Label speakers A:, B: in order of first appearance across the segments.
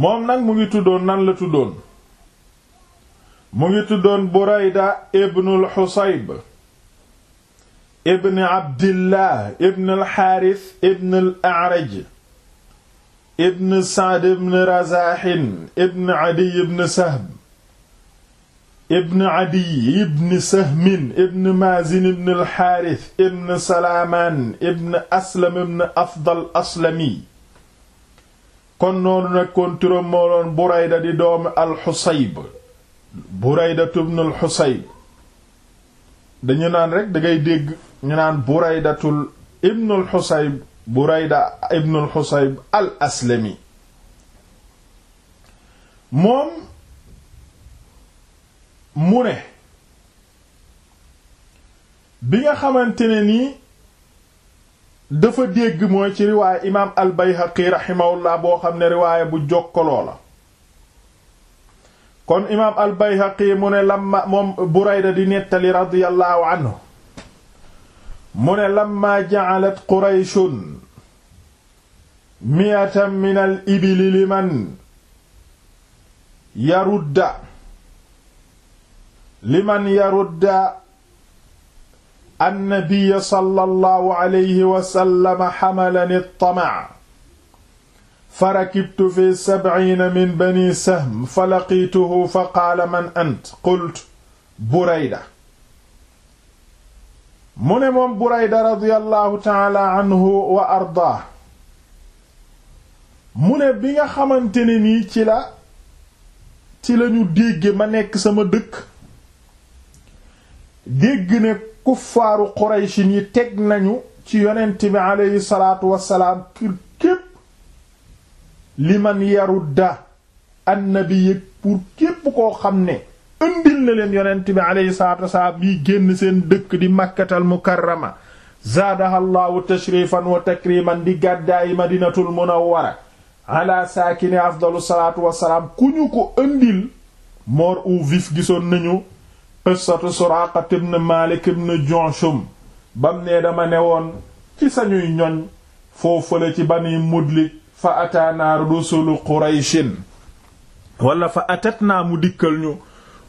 A: moom nag mu ngi tuddoon nan la tuddoon mu ngi tuddoon Burayda ibnul Xusayb ibn Abdillah ibn al-Xaaris ibn al-A'raj ibn Sa'd ibn Adiy ibn Sahm ibn Adiy ibn Sahmin ibn Maazin ibn al-Xaaris Salaamaan ibn Aslam ibn Afdal Aslami kon noonu nekkoon turam moo doon Burayda di doomi al-Husayb Burayda ibn al-Husayb dañu naan rek dangay dégg ñu naan Buraydatul ibn al-Husayb Burayda ibn al moom mu ne bi nga xamante nii dafa dégg mooy ci riwaaya imaam al-Bayhaqi rahimahullah boo xam ne riwaaya bu jokkaloo la kon imaam al-Bayhaqi mu ne lamma moom Burayda di nettali radiyallahu anhu mu ne lamma ja'alat Qurayshun miatan min al-ibili liman yarudda annabiya sallallahu alayhi wa sallam xamalani tamaa fa rakibtu fi sabciina min bani sahm fa laqiituhu fa qaala man ant qultu burayda mu ne moom burayda radiyallahu taala anhu wa ardaa mu ne bi nga xamante ne nii ci la ci lañu dégge ma nekk sama dëkk dégg ne kuffaaru quraychin yi teg nañu ci yonent bi salaatu wassalaam pour képp liman yarudda annabi pour képp koo xam ne ëndil na leen yonent bi salaatu wassalaam yi génn seen dëkk di makkatal mukarrama zaadaha allahu tashrifan wa takriman di gàddaayi madinatul munawwara ala saakini afdalu salaatu wassalaam ku ñu ko ëndil mort ou vif gisoon nañu qissatu Suraaqa ibn Maalik ibn Ju'shum bam ne dama ne woon ci sañuy ñoñ foofale ci bani Mudlij fa ataanaa rusulu Qurayshin wala fa atat naa mu dikkal ñu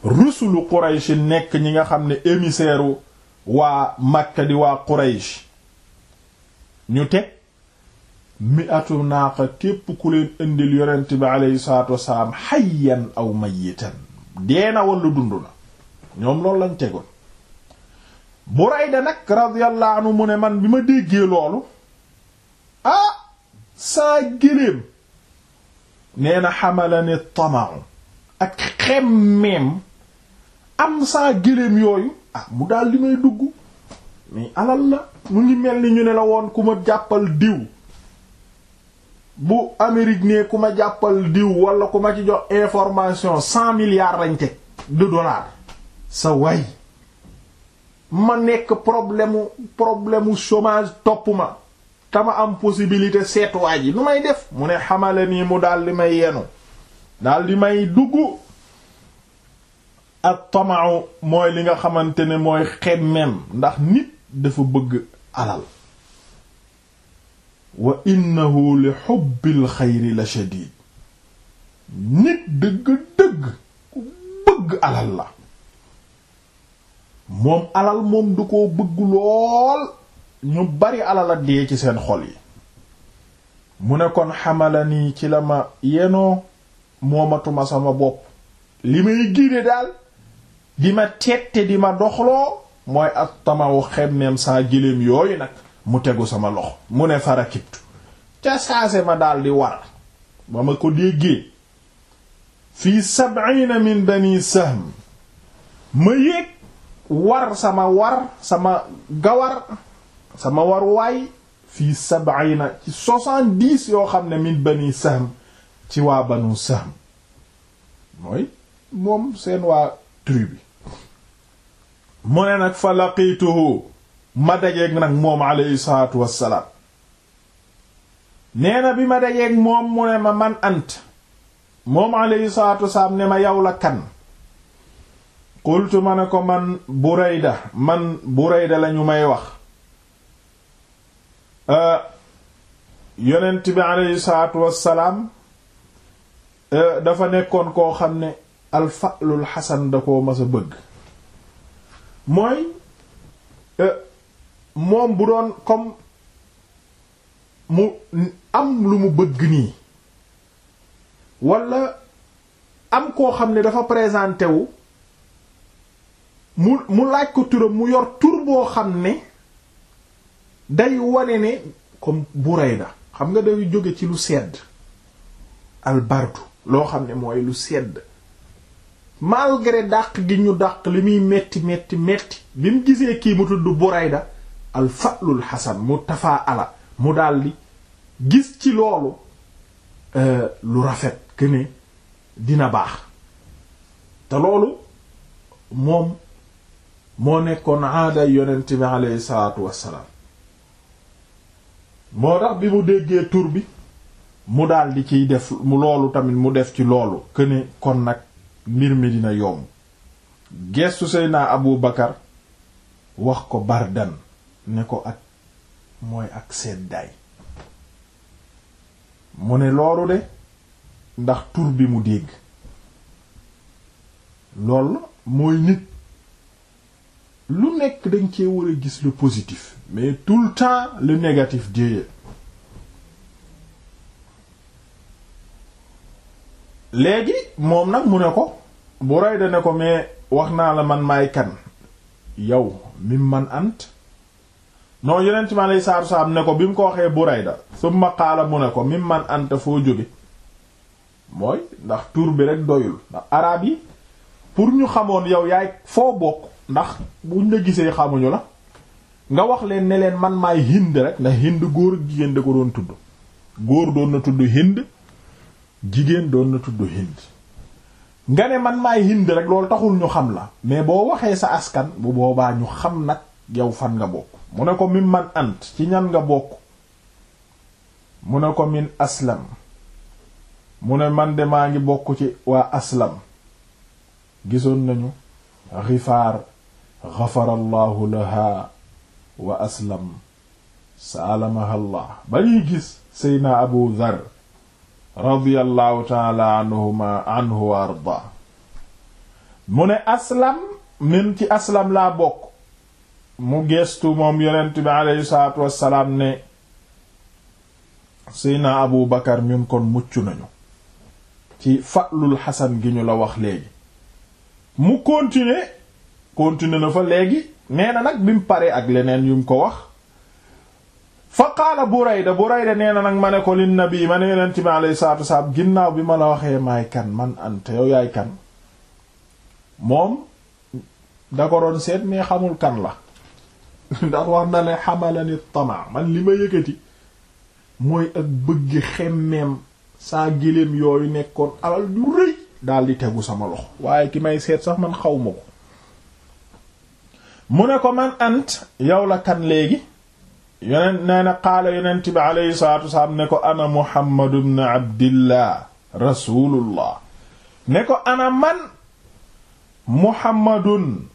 A: rusulu Quraysh nekk ñi nga xam ne émissaire waa Makka di waa Quraysh ñu teg mi atu naaqa képp ku leen indil yonent bi aleyhi salaatu wasalaam aw mayitan deena wala dund na ñoom loolu lañ tegoon Burayda nag radiyallahu anhu mu ne man bi ma déggee loolu ah saa géléem nee na ne tamau ak xemmeem am saa géléem yooyu ah mu daal li may dugg mais alal la mu ngi mel ni ñu ne la woon ku ma jàppal diw bu Amérique ne ku ma jàppal diw wala ku ma ci jox information cent milliards lañ teg de dollars sa way ma nekk problème problème u chômage topp ma tama am possibilité seetuwaay ji lu may def mu ne xamale nii mu daal di may yenu daal di may dugg ak mooy li nga xamante ne mooy xemmem ndax nit dafa bëgg alal wa innahu li xubbil xayri la shadid nit dëgg-dëgg ku bëgg alal la moom alal moom du ko bëgg lool ñu bari alal a dee ci seen xol yi mu ne kon xamala nii ci la ma yenoo moomatuma sama bopp li may génne daal di ma tette di ma doxloo mooy ak tamawu xemmeem saa giléem yooyu nag mu tegu sama loxo mu ne farakibtu ca saase ma daal di war ba ma ko déggee fii sab'ina min bani sahm ma yéeg war sama war sama gawar sama war waay fii sab'ina ci soixante-dix yoo xam ne min bani sahm ci waa banu sahm mooy moom seen waa tribu mu ne nag fa laqituhu ma dajeeg nag moom alayhi salaatu wassalaam nee na bi ma dajeeg moom mu ne ma man ant moom alayhi salaatu wassalaam ne ma yow la kan qultu ma ne ko man burayda man burayda lañu may wax euh, yonent bi aleyhi salaatu euh, dafa nekkoon koo xam ne alfa'lul xasan da koo mas a bëgg mooy euh, moom bu doon comme mu am lu mu bëgg nii walla am koo xam ne dafa présenté wu mu mu laaj ko turam mu yor tur boo xam ne day wane ne comme Burayda xam nga day jóge ci lu sedd albardu loo xam ne mooy lu sedd malgré dàq gi ñu dàq li muy metti metti metti lim gisee kii mu tudd Burayda al fatlul xasan mu tafaa ala mu daldi gis ci loolu euh, lu rafet que ne dina baax te loolu moom moo nekkoon aaday yonent bi aleyhi salaatu wassalaam moo tax bi mu déggee tur bi mu daldi ciy def mu loolu tamit mu def ci loolu këne kon nag mbir mi dina yomb gestu Seydina Abu Bakar wax ko bardan ne ko ak mooy ak seddaay mu ne loolu de ndax tur bi mu dégg loolu mooy nit lu nekk dañ cee war a gis lu positif mais tout le temps le négatif déedéet léegi moom nag mu ne ko Burayda ne ko mais wax naa la man maay kan yow mi man ant non yeneen ci ma lay saaru saam ne ko bi mu ko waxee Burayda summa qaala mu ne ko mi man ant foo jóge mooy ndax tuur bi rek doyul ndax araab yi pour ñu xamoon yow yaay foo bokk ndax ñu la gisee xamuñu la nga wax leen ne leen man maay hind rek ndax hind góor jigéen da ko doon tudd góor doon na tudd hind jigéen doon na tudd hind nga ne man maay hind rek loolu taxul ñu xam la mais boo waxee sa askan bu boobaa ñu xam nag yow fan nga bokk mu ne ko min man ant ci ñan nga bokk mu ne ko min aslam mu ne man de maa ngi bokk ci waa aslam gisoon nañu rifaar xafarallahu laha wa aslam saalamaha llah ba ñuy gis abu dhar radiallahu taala anhuma anhu mu ne aslam min ci aslam laa bokk mu geestu moom yonent bi aleyhi salaatu wassalaam ne seydna abu bakar ñun kon mucc nañu ci fatlul xasan gi ñu la wax léegi mu continuer continué na fa léegi nee na nag bi mu paree ak leneen yu mu ko wax fa qaala Burayda Burayda nee na nag ma ne ko lin nabi ma ne yonent bi alayhi salaatu bi ma la waxee maay man anta yow moom da ko doon seet mais xamul kan la ndax wax na le xamalani tama man li ma yëkkati mooy ak bëgg xemmeem saa giléem yooyu nekkoon alal du rëy daal di tegu sama loxo waaye ki may seet sax man xaw ma ko mu ne ko man ant yow la kan léegi yonent na qaala yonent bi aleyhi salatu wasalaam ne ko ana muhammadu bnu abdillah rasulullah ne ko ana man muhammadun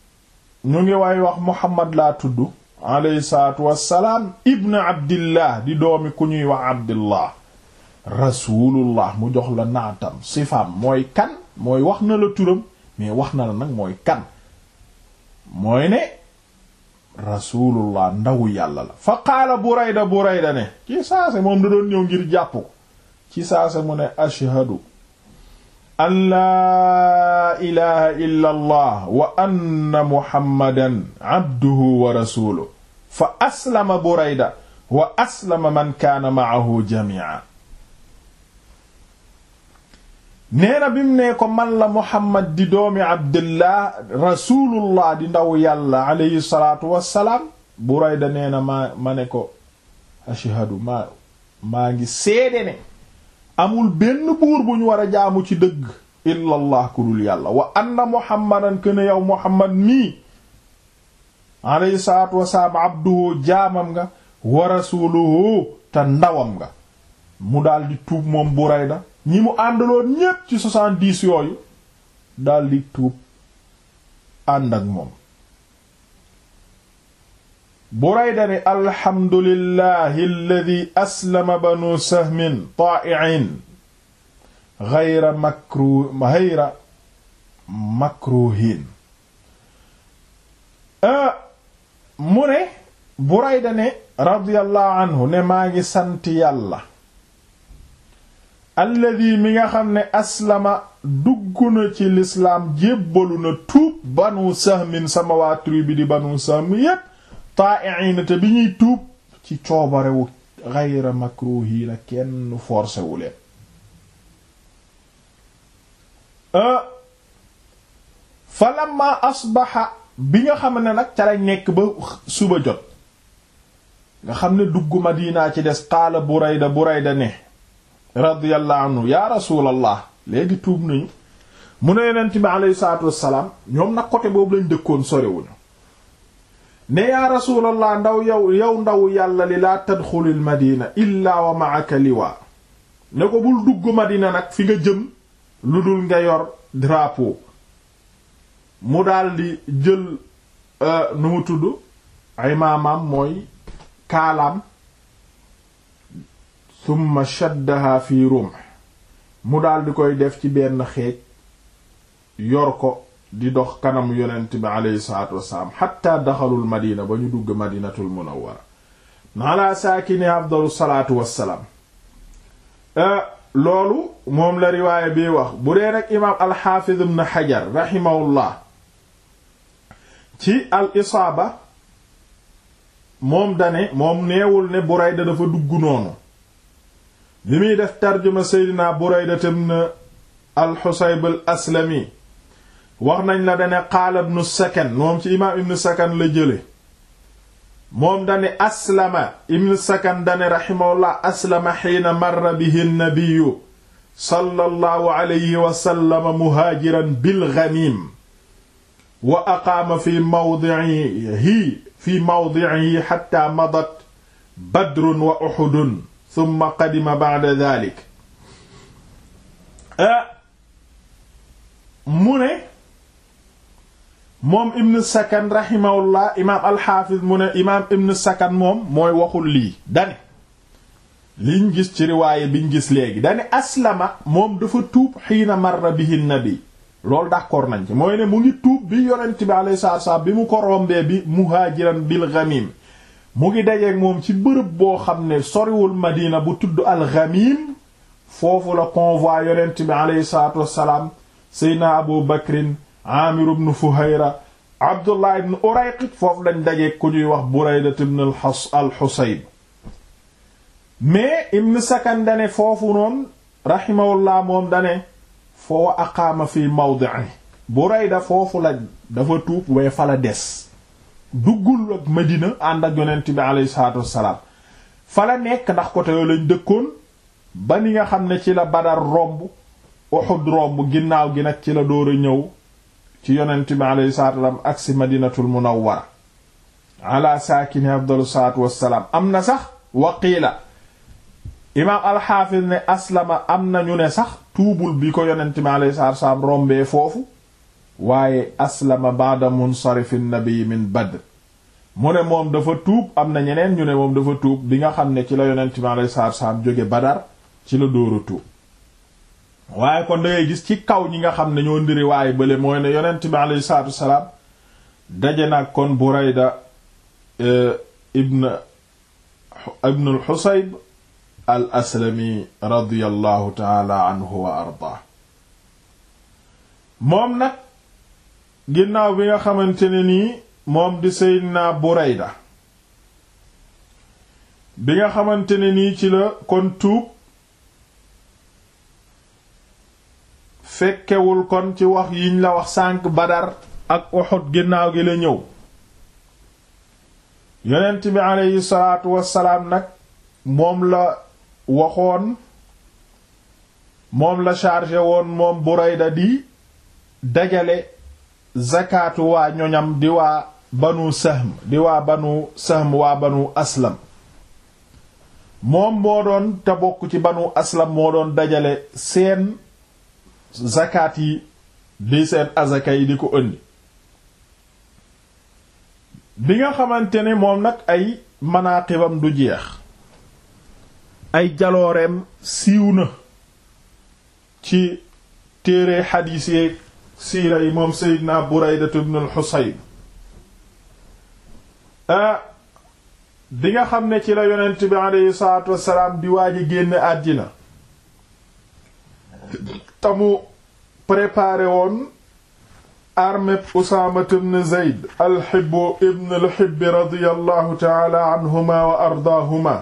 A: ñu ngi way wax muhammad laa tudd aleyhi salatu wasalaam ibnu abdillah di doomi ku ñuy wax abdillah rasulullah mu jox la naatam sifaam mooy kan mooy wax na la turam mais wax na la nag mooy kan mooy ne rasulullah ndawu yàlla la fa qaala burayda burayda ci saase moom da doon ñëw ngir jàpp ko ci saase mu ne ashhadu an laa ilaha illa wa anna muhammadan wa rasuluhu fa aslama burayda wa aslama man kaana ma'ahu jami'a nee na bi mu nee ko man la Muhammad di doomi Abdullah rasulullah di ndaw yàlla alayhi salaatu wassalaam Burayda nee na maa ma ne ko ashhadu maa maa ngi seede ne amul benn buur bu ñu war a jaamu ci dëgg illallah ku dul yàlla wa anna muhammadan kuene yow muhammad mii alayhi salaatu wassalaam abduhu jaamam nga wa rasuluhu te ndawam nga mu daldi tuub moom Burayda ñi mu àndaloon ñépp ci soixante-dix yooyu daldi tuub ànd ak moom Burayda ni alhamdulillahi alladi aslama banu sahmin taa'iin gayra makru mu ne Burayda ne radiyallahu anhu ne maa ngi sant yàlla alladi mi nga xam ne aslama dugg na ci lislaam jébbalu na tuub banu sahmin sama waa tribu di banu sahmin yépp taa'iina te bi ñuy tuub ci coobarewu ghayra makruhiina kenn forcé wu leen euh, fa lamma asbaxa bi nga xam ne nag ca lañ nekk ba suba jot nga xam ne dugg ma Madina ci des qaala Burayda Burayda ne radiyallahu anhu yaa rasulallah léegi tuub nañu mu ne yonent bi aleyhi salaatu wassalaam ñoom nag côté boobu lañ dëkkoon sorewuñu ne yaa rasulallah ndaw yow yow ndaw yàlla li laa tadxulil madina illaa wa ma'aka liwaa ne ko bul dugg madina nag fi nga jëm lu dul nga yor drapeau mu daldi jël euh, nu mu tudd ay maamam mooy kaalaam summa shaddaha fi rumh mu daldi koy def ci benn xeej yor di dox kanam yonent bi aleyhi salaatu wassalaam xatta daxalul madina ba ñu dugg madinatul munawwara ala saakini afdalu salaatu wassalaam euh, loolu moom la riwaaya bi wax bu dee nag imaam alxaafiz ibn xajar raximahullah ci al isaaba moom dane moom neewul ne burayda dafa dugg noonu bi muy def tarjuma seydina buraydat ibn alxusayb al aslami wax nañ la dane qaala ibnu sakan moom ci imaam ibnu sakan la jële moom dane aslama ibnu sakan dane raximahullah aslama xiina marra bihi nnabiyu sallallahu alayhi wa sallam muhaajiran bil ganiim wa aqaama fi mawdihi fi mawdihi xatta madat badrun wa uxudun thumma qadima ba'da dhalik ah, mu ne moom ibn sakan rahimahullah imaam alxaafiz mu ne imaam ibn sakan moom mooy waxul lii dane liñ gis ci riwaaye biñ gis léegi dane aslama moom dafa tuub mar marra bihi nabi loolu d'accord nañ ci mooy ne mu ngi tuub bi yonent bi alayhi salaatu bi mu ko rombee bi muhaajiran bil ghamim mu ngi dajeeg moom ci bërëb boo xam ne soriwul Madina bu tudd al-Ghamim foofu la convoi yonent bi aleyhi salaatu wassalaam Seydina Abu Bakrin Aamir ibn Fuhayra Abdullah ibn Urayqit foofu lañ dajeeg ku ñuy wax Burayda ibn al-Husayb mais Ibn Sakan dane foofu noonu rahimahullah moom dane foo aqaama fi mawdi'i Burayda foofu la dafa tuub way fa des duggul ak Medina ànd ak yonent bi alayhi salaatu wassalaam fa nekk ndax côté yooyu lañ dëkkoon ba ni nga xam ne ci la Badar romb Uhud romb ginnaaw gi nag ci la door a ñëw ci yonent bi alayhi salaatu wassalaam ak si Madinatul Munawwara ala saakini afdalu salaatu wassalaam am na sax waqiila imaam alxaafis ne aslama am na ñu ne sax tuubul bi ko yonent bi alayhi salaatu rombee foofu waaye aslama ba'da munsarifi nabi min Badr mu ne moom dafa tuub am na ñeneen ñu ne moom dafa tuub bi nga xam ne ci la yonent mi alayhi salaatu salaam jóge Badar ci la dóora tuub waaye kon dangay gis ci kaw ñi nga xam ne ñoo ndiri waaye bële mooy ne yonent bi alayhi salaatu salaam daje nag kon Burayda eh, ibn ibn al-Husayb al aslami radiyallahu taala moom nag ginnaaw bi nga xamante ne nii moom di Seydina Burayda bi nga xamante ne nii ci la kon tuub fekkewul kon ci wax yiñ la wax sànq Badar ak Uhud ginnaaw gi la ñëw yonent bi aleyhi salaatu wassalaam nag moom la waxoon moom la chargé woon moom Burayda di dajale zakaatu waa ñoñam di waa banu sahm di waa banu sahm waa banu aslam moom moo doon te bokk ci banu aslam moo doon dajale seen zakaat yi di seen azaka yi di ko ëndi bi nga xamante ne moom nag ay manaaxibam du jeex ay jalooreem siiw na ci téere xadiis siira yi moom Seydina Buraydatu ibnul Xusayn bi nga xam ne ci la yonent bi aleyhi salaatu wassalaam di waaj a génn àddina tamu préparé woon armée Usaama ibn Zayd al-Hibb ibn al-Hibb radiyallahu ta'ala anhuma wa ardaahuma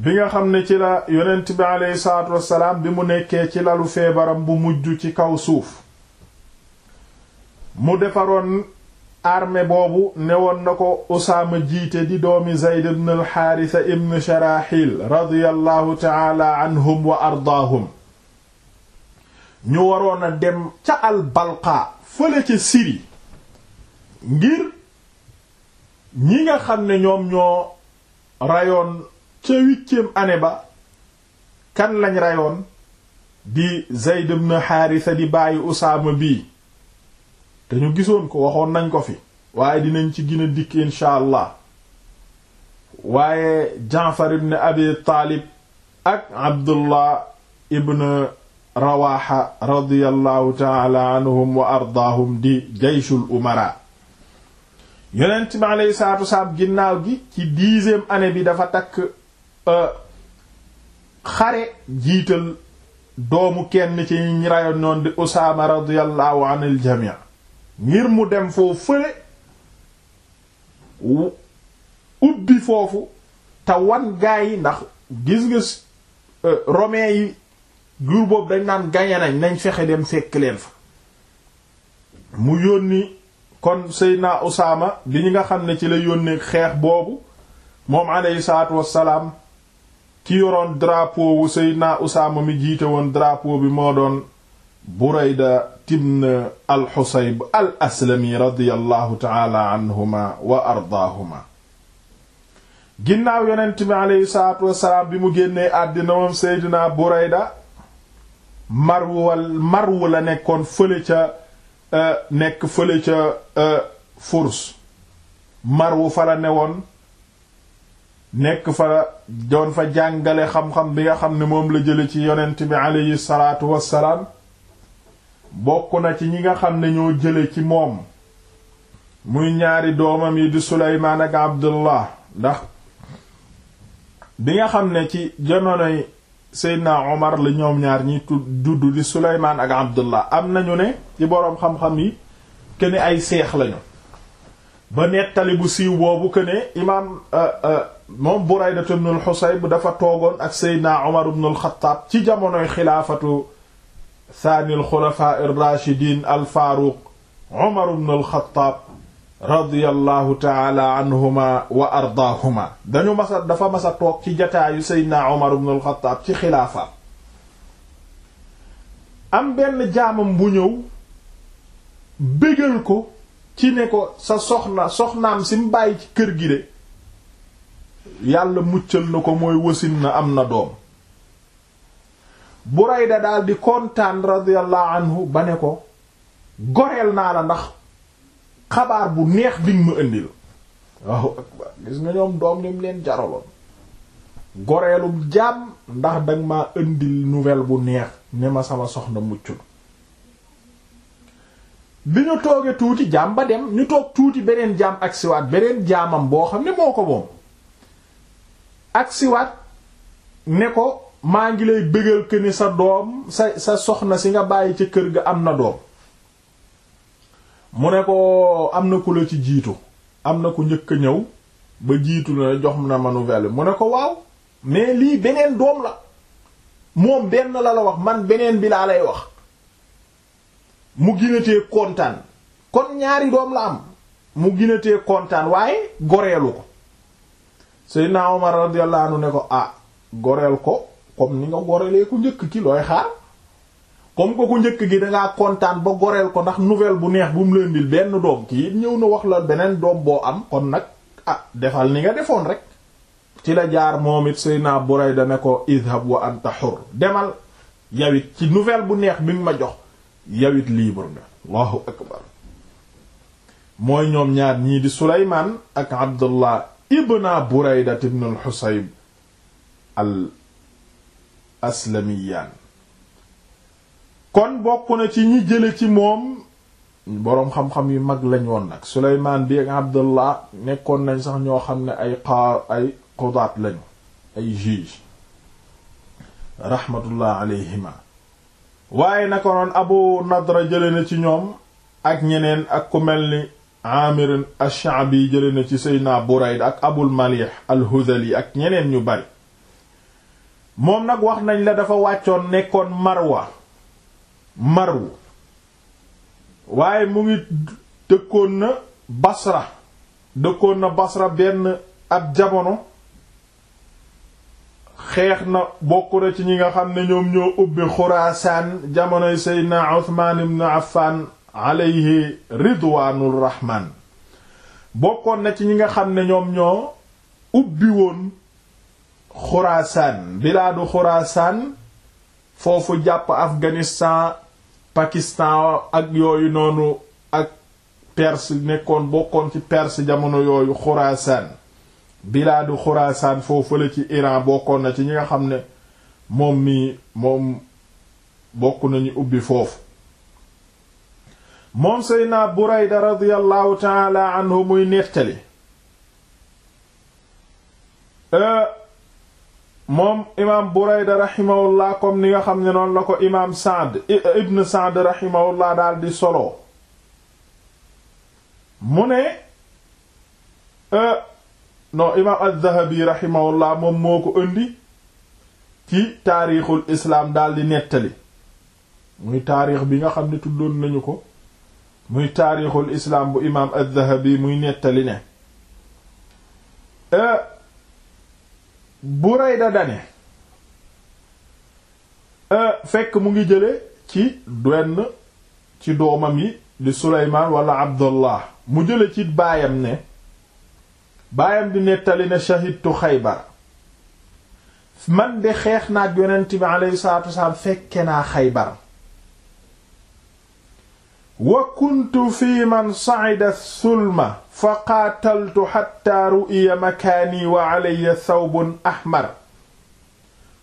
A: bi nga xam ne ci la yonent bi aleyhi salaatu wassalaam bi mu nekkee ci lalu feebaram bu mujj ci kaw suuf mu defaroon armée boobu newoon na ko Usaama jiite di doomi Zayd ibn al-Haarisa ibn Sharaxil radiyallahu taala anhum wa ardaahum ñu waroon a dem ca al-Balqa fële ca Siri ngir ñi nga xam ne ñoom ñoo rayoon ca huitième année ba kan lañ reyoon di Zayd ibn Haarisa di bàyyi Usaama bii te ñu gisoon ko waxoon nañ ko fi waaye dinañ ci gën dikk incha allah waaye Jaafar ibn Abi Taalib ak Abdullah ibn Rawaha radiyallahu taala anhum wa ardaahum di jayshul umara yonent bi aleyhi salaatu ginnaaw gi ci dixième année bi dafa takk xare jiital doomu kenn ci ñi rayoon noon di Usaama radiyallahu anil jamii ngir mu dem foofu fële ubbi foofu te wan gaa ndax gis gis euh, romain yi jur boobu dañ naan gañe nañ nañ fexe dem fekk leen fa mu yónni kon sëy Seydina Usaama bi ñi nga xam ne ci la yónnee xeex boobu moom aleyhi salaatu wassalaam ki yoroon drapeau usa seydna mi jiite woon drapeau bi moo doon burayda ibn al taala anhuma wa ardaahuma ginnaaw yonent bi aleyhi salaatu bi mu génnee àddina moom seydna burayda marwal marwu nekkoon euh, nekk fële ca euh, furs marwu fa la nekk fa doon fa jàngale xam-xam bi nga xam ne moom la jële ci yonent bi aleyhi salaatu wassalaam bokk na ci ñi nga xam ne ñoo jële ci moom muy ñaari doomam yi di suleymaan ak abdullah ndax bi nga xam ne ci jamonoy seydna omar la ñoom ñaar ñi dudd di suleymaan ak abdullah am nañu ne ci boroom xam-xam yi kene ay seex lañu ba nettali bu siiw boobu kene imaam euh, euh, moom Buraydatu ibn al-Husayb dafa toogoon ak Seydina Omar ibn al-Khattab ci jamonoy xilaafatu thani al-khulafa ar-rashidin al-Faruq Omar ibn al-Khattab radiyallahu ta'ala anhuma wa ardaahuma dañu masa dafa masa toog ci jataayu Seydina Omar ibn al-Khattab ci xilaafa am benn jaamam bu ñëw bégal ko ci ne ko sa soxna si mu bàyyi ci kër gi de yàlla muccal na ko mooy wasin na am na doom Burayda da di kontaan radiyallahu anhu ba ne ko goreel naa la ndax xabaar bu neex biñ ma indil waaw gis nga ñoom doom nim leen jaraloon goreelum jaam ndax danga ma indil nuwel bu neex ne ma sama soxna muccul bi ñu toogee tuuti jaam ba dem ñu toog tuuti beneen jaam ak siwaat beneen jaamam boo xam ne moo ko moom ak siwaat ne ko maa ngi lay bëggal que ni sa doom sa sa soxna si nga bàyyi ca kër ga am na doom mu ne ko am na ku la ci jiitu am na ku njëkk a ñëw ba jiitu na jox na ma nouvelle mu ne ko waaw mais lii beneen doom la moom benn la la wax man beneen bi laa lay wax mu ginatee kontaan kon ñaari doom la am mu ginatee kontaan waaye goreelu ko Seydina Omar radiyallahu anhu ne ko ah goreel ko comme ni nga gorelee ku njëkk ki looy xaar comme ko ku njëkk gi dangaa kontaan ba goreel ko ndax nouvelle bu neex bu mu leen dil benn doom kii ñëw na wax la beneen doom boo am kon nag ah defal ni nga defoon rek ci la jaar moom it Seydina Burayda ne ko idhab wa anta hur demal yawit ci nouvelle bu neex bi mu ma jox yawit libre nga Allahu akbar mooy ñoom ñaar ñii di Sulaymaan ak Abdullah ibna Buraydat ibn al-Husayb al-Aslamiyaan kon bokk na ci ñi jële ci moom boroom xam-xam yu mag lañ woon nag Suleymaan bi ak Abdullah nekkoon nañ sax ñoo xam ne ay xaar ay xudaat lañu ay juge rahmatullah alayhima waaye naka noon Abu Nadra jële na ci ñoom ak ñeneen ak ku mel ni amir ash-Sha'bi jële na ci seydna Burayd ak Abul Malih al-Hudhali ak ñeneen ñu bari moom nag wax nañ la dafa wàccoon nekkoon Marwa Marwu waaye mu ngi dëkkoon na Basra dëkkoon na Basra benn ab jamono xeex na bokk na ci ñi nga xam ne ñoom ñoo ubbi Xuraasaan jamonoy seydna Uthman ibn Affan alayhi ridwaanur rahmaan bokkoon na ci ñi nga xam ne ñoom ñoo ubbi woon xuraasaan bilaadu xuraasaan foofu jàpp afghanistan pakistan ak yooyu noonu ak perse nekkoon bokkoon ci perse jamono yooyu xuraasaan bilaadu xuraasaan foofu la ci iran bokkoon na ci ñi nga xam ne moom mi moom bokk nañu ubbi foofu moom seydna burayda radiyallahu taala anhu muy nettali euh, moom imaam burayda raximahullah comme ni nga xam ne noonu la ko imaam saad ibn saad raximahullah daal di solo mu ne euh, non imaam az-zahabi raximahullah moom moo ko indi ci taarixul islaam daal di nettali muy taarix bi nga xam ne tuddoon nañu ko muy taarixul islaam bu imaam al-Dhahabi muy nettali ne euh, Burayda dane euh, fekk mu ngi jële ci benn ci doomam yi di Suleymaan wala Abdullah mu jële ci baayam ne baayam di nettali ne shahidtu Xaybar man de xeex naa ak yonent bi salaatu wasalaam fekke naa Xaybar wa kuntu fi man sa'ida sulma fa qaataltu xatta ru'iya makaani wa alayya thawbun ahmar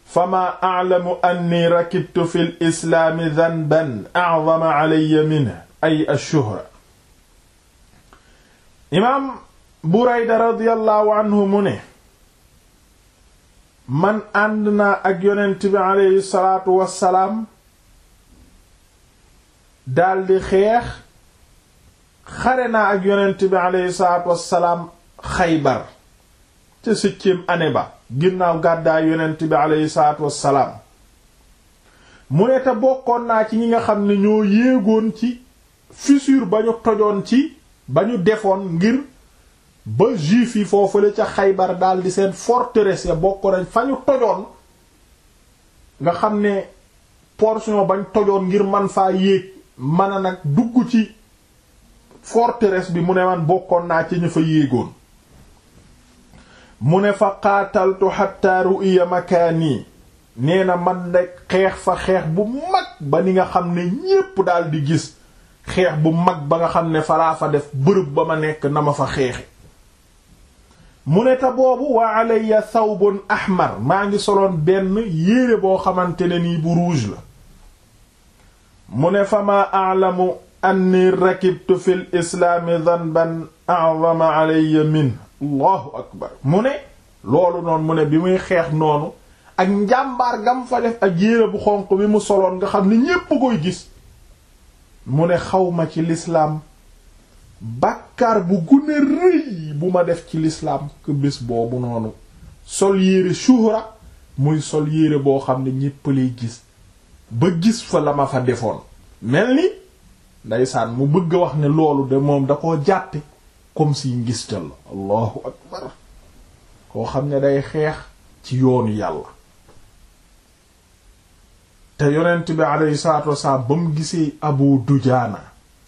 A: fama a'lamu anni rakibtu fi lislaami danban a'zama alayya minhu ay ashuhra imaam burayda radiyallahu anhu mu ne man ànd naa ak yonent bi aleyhi salaatu wassalaam daldi xeex xare naa ak yonent bi aleyhi salaatu wassalaam xaybar ca septième année ba ginnaaw gàddaay yonent bi aleyhi salaatu wassalaam mu ne te bokkoon naa ci ñi nga xam ne ñoo yéegoon ci fissure ba ñu tojoon ci ba ñu defoon ngir ba juif yi foofule ca xaybar daldi seen forteresse ya bokk nañ fa ñu tojoon nga xam ne portion bañ tojoon ngir man faa yéeg mën a dugg ci forteresse bi mu ne man bokkoon naa ci ñu fa yéegoon mu ne fa xaataltu xatta ru'iya makaani na man nag xeex fa xeex bu mag ba ni nga xam ne ñépp dal di gis xeex bu mag ba nga xam ne faraa fa def bërëb ba ma nekk na ma fa xeexe mu ne ta boobu wa alayya thawbun ahmar maa ngi soloon benn yéere boo xamante ne nii bu rouge la mu ne famaa alamu anni rakibtu fil islaami danban a'zama alayya min allahu akbar mu ne loolu noonu mu ne bi muy xeex noonu ak njàmbaar gam fa def ak yére bu xonq bi mu soloon nga xam ni ñépp koy gis mu ne xawma ci lislaam bàkkaar bu gune rëy bu ma def ci lislaam ku boobu noonu sol yére shuhra muy sol yére boo xam ne ñépp lay gis ba gis fa la ma fa defoon mel ni ndaysaan mu bëgg a wax ne loolu de moom da koo jàppe comme si ngistal la allahu akbar koo xam ne day xeex ci yoonu yàlla te yonent bi alayhi ba mu gisee abu dujaana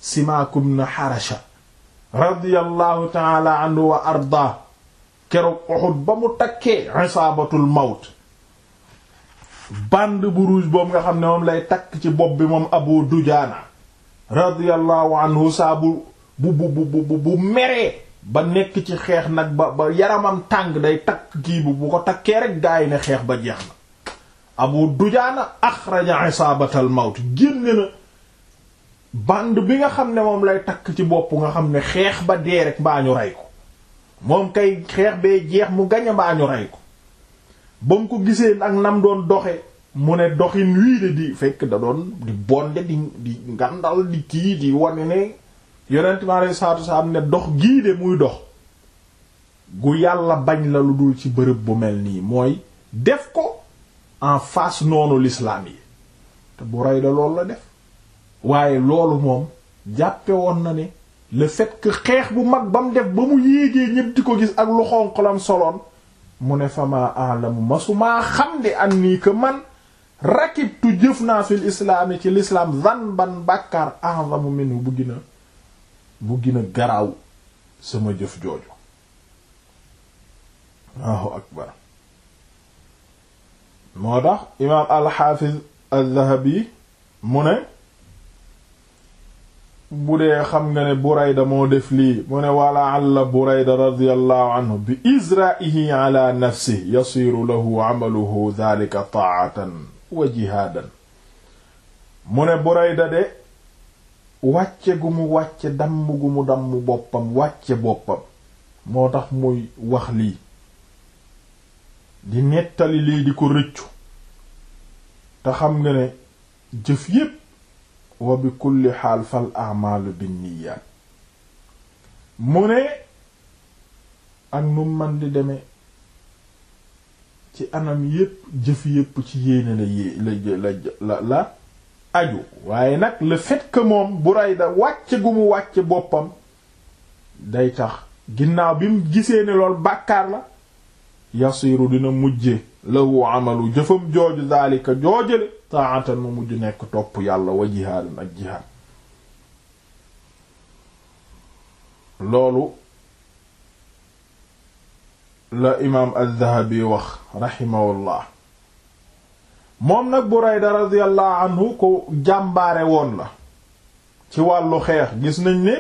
A: simaakum na xarasha radiyallahu taala anhu wa arda keroog Uhud ba mu takkee isaabatul mawt bande bu rouge boobu nga xam ne moom lay takk ci bopp bi moom Abu Dujaana radiyallahu anhu saabu bu bu bu bu meree ba nekk ci xeex nag ba ba yaramam tàng day takk kii bu bu ko takkee rek gaa yi ne xeex ba jeex na Abu Dujaana axraja isaabatal mawt génne na bande bi nga xam ne moom lay takk ci bopp nga xam ne xeex ba dee rek mbaa ñu rey ko moom kay xeex bee jeex mu gañ a mbaa ñu rey ko ba mu ko gisee ak nam doon doxe mu ne doxin wii de di fekk da doon di bonde di di ngandal di kii di wane ne yonent mi alei salatu wasalaam ne dox gii de muy dox gu yàlla bañ la lu dul ci bërëb bu mel nii mooy def ko en fas noonu lislaam yi te bu rey da loolu la def waaye loolu moom jàppe woon na ne le fait xeex bu mag ba mu def ba mu yéegee ñépp ko gis ak lu xonq lam soloon mu ne fama alamu masumaa xam di an nii que man rakibtu jëf naa fil islaam yi ci l'islam zan ban bàkkaar a'zamu minhu bu gën bu gën garaaw sama jëf jooju Allahu akbar moo tax imaam al-Hafiz al-Dhahabi mu ne bu dee xam nga ne Burayda moo def lii mu ne wala alla Burayda radiyallahu anhu bi izra'ihi ala nafsihi yasiru lahu amaluhu dhalika ta'atan jihaadan mu ne Burayda de wàcce gu mu wàcce damm gu mu damm boppam wàcce boppam moo tax muy wax lii di nettali lii di ko rëccu te xam nga ne jëf yépp wa bi kulli xaal fal amaalu binniyaat mu ne ak nu man di demee ci anam yépp jëf yépp ci yéene la yée la la aju waaye nag la fait que moom Burayda wàcce gu mu wàcce boppam day tax ginnaaw bi mu gisee ni lool bàkkaar la yasiru dina mujje lahu amalu jëfam jooju daalika joojale taatan mu mujj nekk topp yàlla wa jihaadin ak jihaad loolu la imaam al-Dhahabi wax raximahullah moom nag Burayda radiyallahu anhu ko jàmbaare woon la ci wàllu xeex gis nañ ni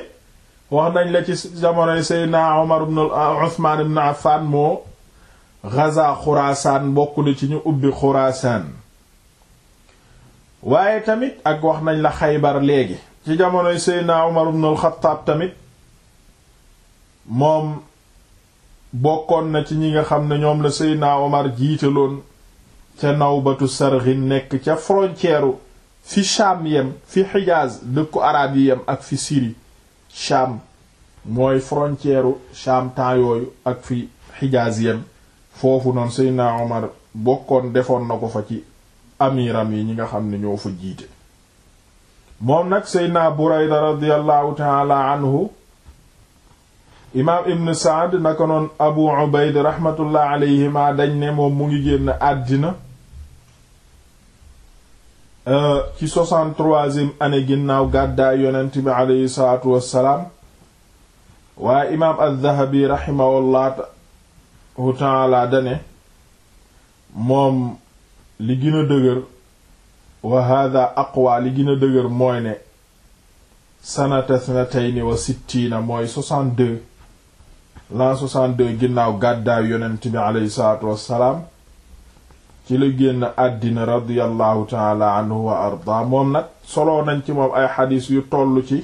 A: wax nañ la ci jamonoy Seydina Umar ibn ah, Uthman ibn Affan moo gaza Xuraasaan bokk na ci ñu ubbi Xuraasaan waaye tamit ak wax nañ la xaybar léegi ci jamonoy seydna Umar ibn al-Khattab tamit moom bokkoon na ci ñi nga xam ne ñoom la seydna Umar jiitaloon ca nawbatu sarghin nekk ca frontière fi Sham yem fi Hijaz dëkku arab yi yem ak fi Syrie Sham mooy frontière Sham temps yooyu ak fi Hijaz yem foofu noonu seydna Umar bokkoon defoon na ko fa ci amiram yi ñi nga xam ne ñoo fa jiite moom nag seydna burayda radiallahu taala anhu imaam ibn saad nako noon abu ubayd rahmatullah alayhima dañ ne moom mu ngi génn àddina euh, ci soixante-troisième ginnaaw gàddaay yonent bi aleyhi salaatu wassalaam waaye imaam al-Dhahabi rahimahullahu taala dane moom li gën a dëgër wa hada aqwa li gën dëgër mooy ne sanata wa sittiina mooy 62 l'an 62 ginnaaw gàddaay yonent bi aleyhi salaatu wassalaam ci la génn àddina radiyallahu taala anhu wa arda moom nag solo nañ ci moom ay xadiis yu toll ci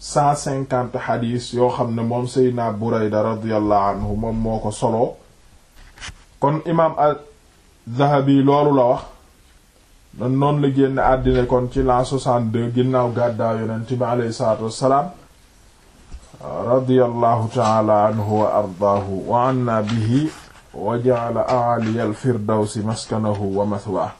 A: 150 xadiis yoo xam ne moom seydna burayda radiyallahu anhu moom moo ko soloo kon imaam Zahabi loolu la wax dan noonu la génn àddina kon ci l'an 62 ginnaaw gàddaa yonent bi aleyhi salaatu wassalaam radiyallahu taala anhu wa ardaahu wa anna bihi wa ja'ala a'ali al-firdawsi maskanahu wa mathwaahu